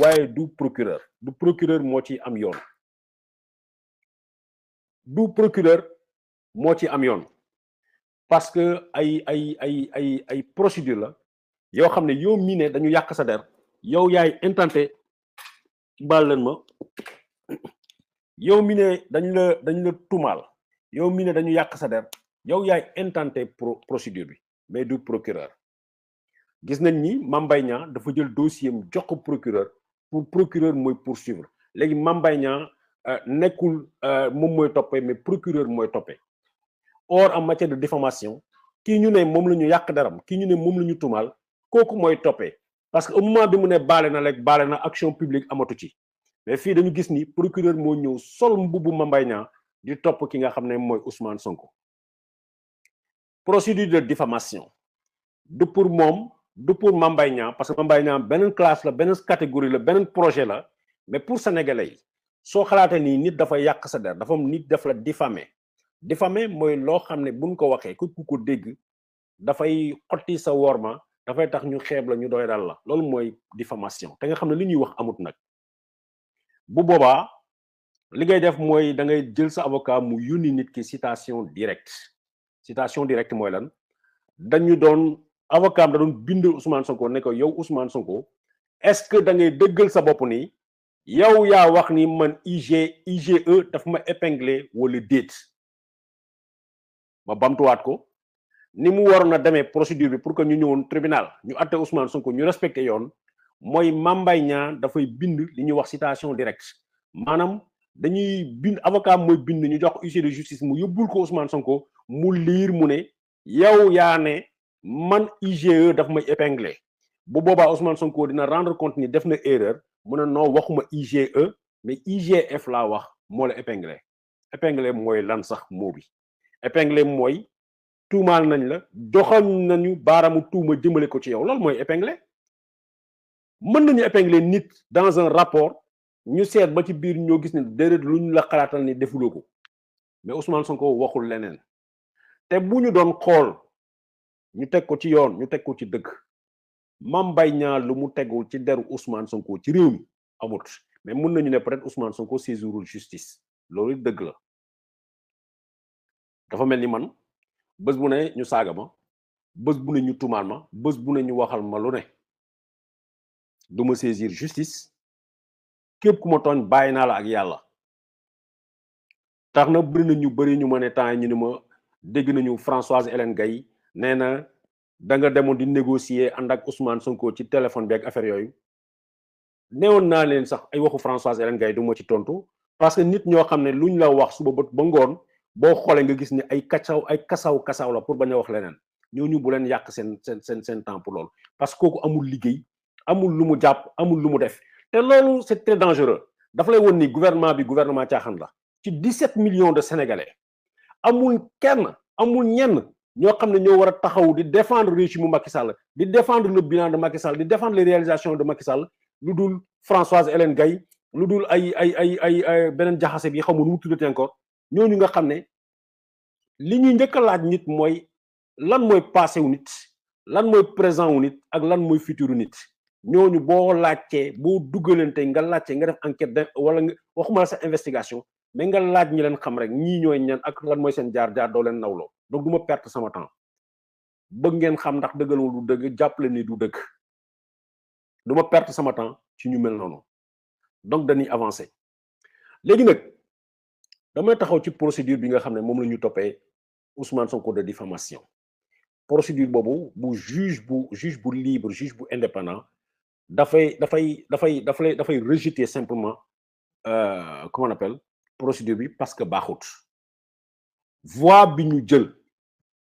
waaye du procureur du procureur moo ci am yoon du procureur moo ci am yoon parce que ay ay ay ay ay procédure la yoo xam ne yow mii ne dañu yàq sa der yow yaay intenté baal leen ma yow mi ne dañu la dañu la tumaal yow mi ne dañu yàq sa der yow yaay intenté pro procédure bi mais du procureur gis nañ ni Mame Mbaye dafa jël dossier am jox ko procureur pour procureur mooy poursuivre léegi Mame Mbaye Niang euh, nekkul euh, moom mooy toppee mais procureur mooy toppee or en matière de diffamation kii ñu ne moom la ñu yàq daram kii ñu ne moom la ñu tumaal kooku mooy toppee parce que au mois bi mu ne baale na rek baale na action publique amatu ci mais fii dañu gis ni procureur moo ñëw sol mbubbu Mame Mbaye di topp ki nga xam ne mooy Ousmane Sonko procédure de diffamation du pour moom du pour Mame Mbaye Niang parce que beneen classe la beneen catégorie la beneen projet la mais pour senegalee soo xalaatee nii nit dafa yàq sa der dafa nit def la diffamé diffamé mooy loo xam ne buñ ko waxee ku ko dégg dafay xotti sa worma dafay tax ñu xeeb la ñu doy dal la loolu mooy diffamation te nga xam ne li ñuy wax amut nag bu boobaa li ngay def mooy da ngay jël sa avocat mu yónni nit ki citation directe citation directe mooy lan dañu doon avocat da doon bind Ousmane Sonko ne ko yow Ousmane Sonko est-ce que da ngay dëggal sa bopp nii yow yaa wax ni man IG IGE daf ma épinglé wala déet ma bamtuwaat ko ni mu waroon a demee procédure bi pour que ñu ñëwoon tribunal ñu atte Ousmane Sonko ñu respecté yoon mooy Mame Mbaye dafay bind li ñuy wax situation direct maanaam dañuy bind avocat mooy bind ñu jox huissier de justice mu yóbbul ko Ousmane Sonko mu liir mu ne yow yaa ne. man IGE daf may épinglé bu boobaa Ousmane Sonko dina rendre compte ni def na erreur mu ne non waxuma IGE mais IGF e laa wax moo la épinglé épinglé mooy lan sax moo bi épinglé mooy tuumaal nañ la joxam nañu baaramu tuuma jëmale ko ci yow loolu mooy épinglé mën nañu épingler nit dans un rapport ñu seet ba ci biir ñoo gis ne déedéet lu ñu la xalaatal ni defuloo ko mais Ousmane Sonko waxul leneen te bu ñu doon xool. ñu teg ko ci yoon ñu teg ko ci dëgg Mame Mbaye ñaar lu mu tegul ci deru Ousmane Sonko ci réew mi amut mais mun nañu ne peut-être Ousmane Sonko saisirul justice loolu dëgg la dafa mel ni man bés bu ne ñu saaga ma bés bu ne ñu tumaal ma bés bu ne ñu waxal ma lu ne du ma justice képp ku ma tooñ bàyyi naa la ak yàlla tax na bëri na ñu bari ñu ma ne temps ñu ne ma dégg nañu Françoise Hélène Gaye nee na da nga demoon di négocier ànd ak Ousmane Sonko ci téléphone bi ak affaire yooyu neewoon naa leen sax ay waxu Françoise Hélène Gaye du ma ci tontu parce que nit ñoo xam ne lu ñu la wax suba ba ngoon boo xoolee nga gis ni ay kacaw ay kasaw kasaw la pour bañ a wax leneen ñu bu leen yàq seen seen seen seen temps pour parce que kooku amul liggéey amul lu mu jàpp amul lu mu def te loolu c'est très dangereux dafa lay woon ni gouvernement bi gouvernement caaxaan la ci 17 millions de sénégalais amul kenn amul ñenn. ñoo xam ne ñoo war a taxaw di défendre régime Macky Sall di défendre le bilan de Macky Sall di défendre les réalisations de Macky lu dul Françoise Hélène Gaye lu dul ay ay ay ay ay beneen jaxase bi xamul mu tuddati ñoo ñu nga xam ne li ñuy njëkk a laaj nit mooy lan mooy passé wu nit lan mooy présent wu ak lan mooy futur wu nit ñooñu boo laajtee boo duggalante nga laajtee nga def enquête wala nga waxuma la sa investigation mais nga laaj ñi leen xam rek ñii ñooy ñan ak lan mooy seen jaar jaar leen nawloo donc du perte sama temps bëgg ngeen xam ndax dëggal du dëgg jàppale ni du dëgg du perte sama temps ci ñu mel noonu donc dañuy avancer léegi nag damay taxaw ci procédure bi nga xam ne moom la ñu toppee Ousmane Sonko de diffamation procédure boobu bu bu juge bu libre juge bu indépendant dafay dafay dafay dafay dafay rejeter simplement euh, comment on appelle procédure bi parce que baaxut voie bi ñu jël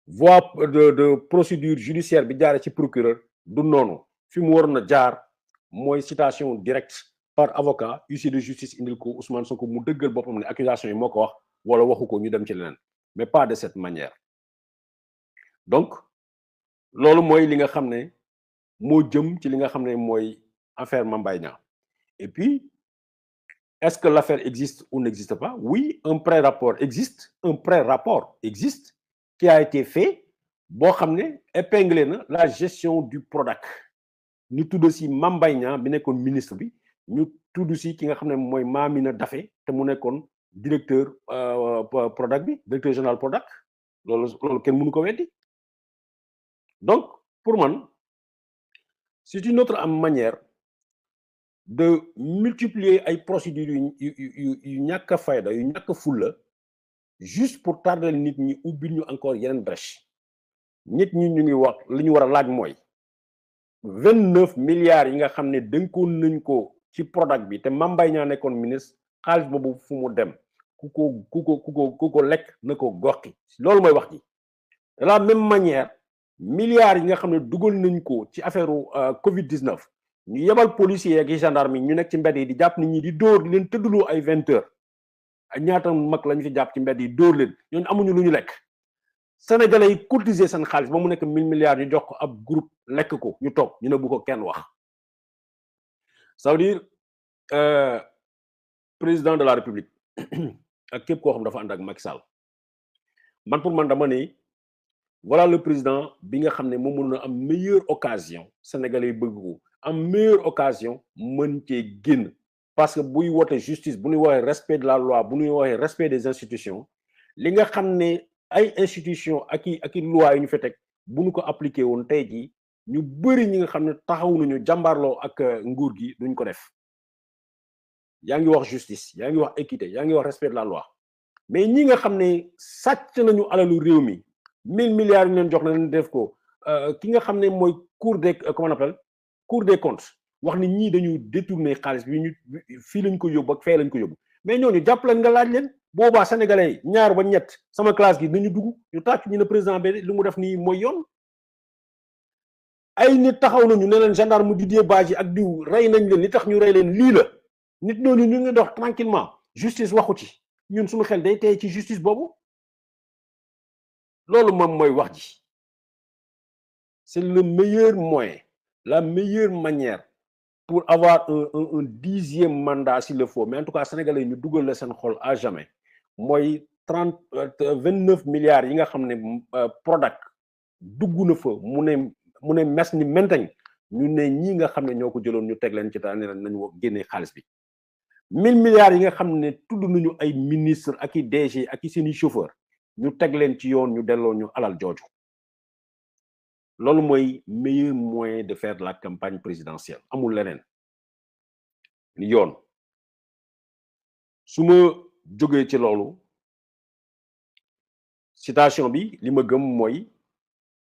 voie de de procédure judiciaire bi jaare ci procureur du noonu fi mu waroon a jaar mooy citation direct par avocat huissier de justice indil ko Ousmane ko mu dëggal boppam ne accusation yi moo ko wax wala waxu ko ñu dem ci leneen mais pas de cette manière donc loolu mooy li nga xam ne moo jëm ci li nga xam ne mooy affaire Mame Mbaye Niang et puis est-ce que l'affaire existe ou n'existe pas oui un pré-rapport existe un pré-rapport existe qui a été fait boo xam ne épinglé na la gestion du Prodac ñu tudd si Mame Mbaye bi nekkoon ministre bi ñu tudd si ki nga xam ne mooy Mamina Daffé te mu nekkoon directeur euh, Prodac bi directeur général Prodac loolu loolu kenn mënu ko weddi donc pour man c'est une autre am manière de multiplier ay procédures yu yu yu ñàkk a fayda yu ñàkk a juste pour tardel nit ñi ubbil ñu encore yeneen brèche nit ñi ñu ngi wax li ñu war a laaj mooy vingt neuf milliards yi nga xam ne dénkoon nañ ko ci Prodac bi te mambay ñaa nekkoon ministre xaalis boobu fu mu dem ku ko ku ko ku ko ko lekk na ko goxi loolu mooy wax ji de la même manière milliards yi nga xam ne dugal nañ ko ci affaire euh, Covid 19 ñu yebal policiers ak gendarme yi ñu nekk ci mbedd yi di jàpp nit ñi di dóor leen tëddaloo ay vingt ñaata mag lañ fi jàpp ci mbedd yi dóor leen ñooñu amuñu lu ñu lekk sénégalais yi cotiser seen xaalis ba mu nekk mille milliards ñu jox ko ab groupe lekk ko ñu toog ñu ne bu ko kenn wax ça veut euh, président de la république ak képp koo xam dafa ànd ak Macky Sall man pour man dama ni voilà le président bi nga xam ne moom mënoon am meilleure occasion sénégalais yi bëgg ko am meilleure occasion mën cee génn parce que buy woote justice bu ñuy waxee respect de la loi bu ñuy waxee respect des institutions li nga xam ne ay institutions ak i ak i loi yi ñu fi teg bu ko appliqué woon tey jii ñu bëri ñi nga xam ne taxaw nañu jàmbaarloo ak euh, nguur gi duñ ko def yaa ngi wax justice yaa ngi wax équité yaa ngi wax respect de la loi mais ñi nga xam ne na nañu alalu réew mi mille milliards yu leen jox na leen def ko euh, ki nga xam ne mooy cour de euh, comment on appelle cour des comptes wax ni ñii dañu détourner xaalis bi ñu fii lañ ko yóbbu ak fee lañ ko yóbbu mais ñooñu jàpp leen nga laaj leen boobaa sénégalais yi ñaar ba ñett sama classe gi ñu dugg ñu tàcc ñu ne président bi li mu def nii mooy yoon nit taxaw nañu ne leen gendarme Didier Badji ak diw rey nañ leen li tax ñu rey leen lii la nit ñooñu ñu ngi dox tranquillement justice waxu ci ñun suma xel day tey ci justice boobu loolu moom mooy wax ji c'est le meilleur moyen la meilleure manière pour avoir un, un, un dixième mandat s'il le faut mais en tout cas ñu dugal la seen xol à jamais mooy trente euh, vingt neuf milliards yi nga xam ne euh, Prodac dugg na fa mu ne mu ne mes ni mentañ ñu ne ñi nga xam ne ñoo ko jëloon ñu teg leen ci taa ne nañu wax génnee xaalis bi mille milliards yi nga xam ne tudd nañu ay ministre ak i DG ak i seeni chauffeur ñu teg leen ci yoon ñu delloo ñu alal jooju loolu mooy meilleur moyen de faire la campagne présidentielle amul leneen ni yoon su ma jógee ci loolu citation bi li ma gëm mooy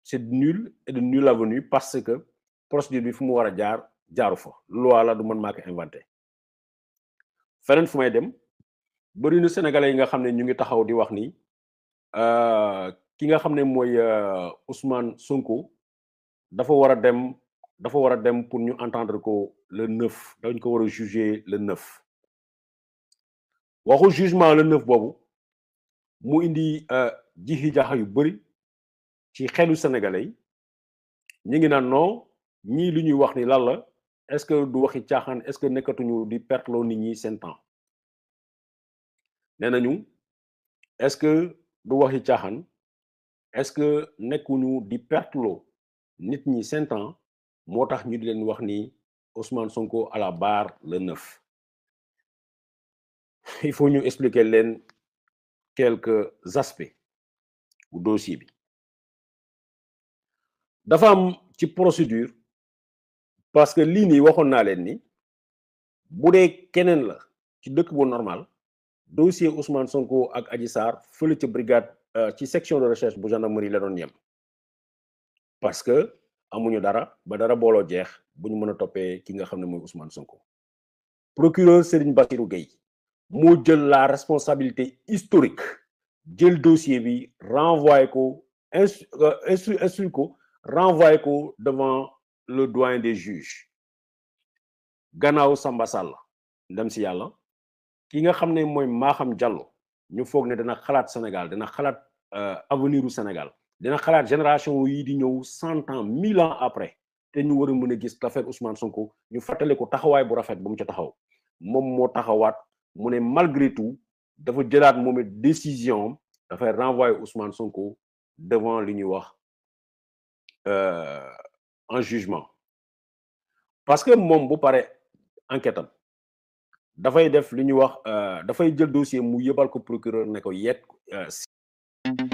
c'est nul et de parce que procédure bi fu mu war a jaar jaaru fa loi la du man maa ko inventé feneen fu may dem bëri na sénégalais yi nga xam ne ñu ngi taxaw di wax ni euh, ki nga xam ne mooy euh, Ousmane Sonko dafa war a dem dafa war a dem pour ñu entendre ko le neuf dañ ko war a juger le neuf waxu jugement le neuf boobu mu indi euh, jixi jaaxa yu bëri ci xelu sénégalais yi ñu ngi naan noo ñii lu ñuy wax ni lan la est-ce que du waxi caaxaan est-ce que nekkatuñu di perteloo nit ñi seen temps nee nañu est-ce que du waxi caaxaan est-ce que nekkuñu di perteloo nit ñi seen moo tax ñu di leen wax ni Ousmane Sonko à la barre le 9 il faut ñu expliquer leen quelques aspects bu dossier bi dafa am ci procédure parce que lii nii waxoon naa leen ni bu dee keneen la ci dëkk bu normal dossier Ousmane Sonko ak Adji Sarr fële ci brigade euh, ci section de recherche bu gendarmerie la doon yem. parce que amuñu dara ba dara booloo jeex bu ñu mën a toppee ki nga xam ne mooy Ousmane Sonko procureur Serigne Bassirou Gueye moo jël la responsabilité historique jël dossier bi renvoyé ko instru euh, instruit ko renvoyé ko devant le doyen des juges gannaaw Samba Sall ndem si yàlla ki nga xam ne mooy Maham Diallo ñu foog ne dana xalaat Sénégal dana xalaat euh, avenir u Sénégal dina xalaat génération yii di ñëw cent ans mille ans après te ñu war a mën a gis l'affaire Ousmane Sonko ñu fàttali ko taxawaay bu rafet bu mu ci taxaw moom moo taxawaat mu ne malgré tout dafa jëlaat moom it décision dafay renvoyer Ousmane Sonko devant li ñuy wax en euh, jugement parce que moom bu pare enquête dafay def li ñuy wax euh, dafay jël dossier mu yëbal ko procureur ne ko yet. Euh,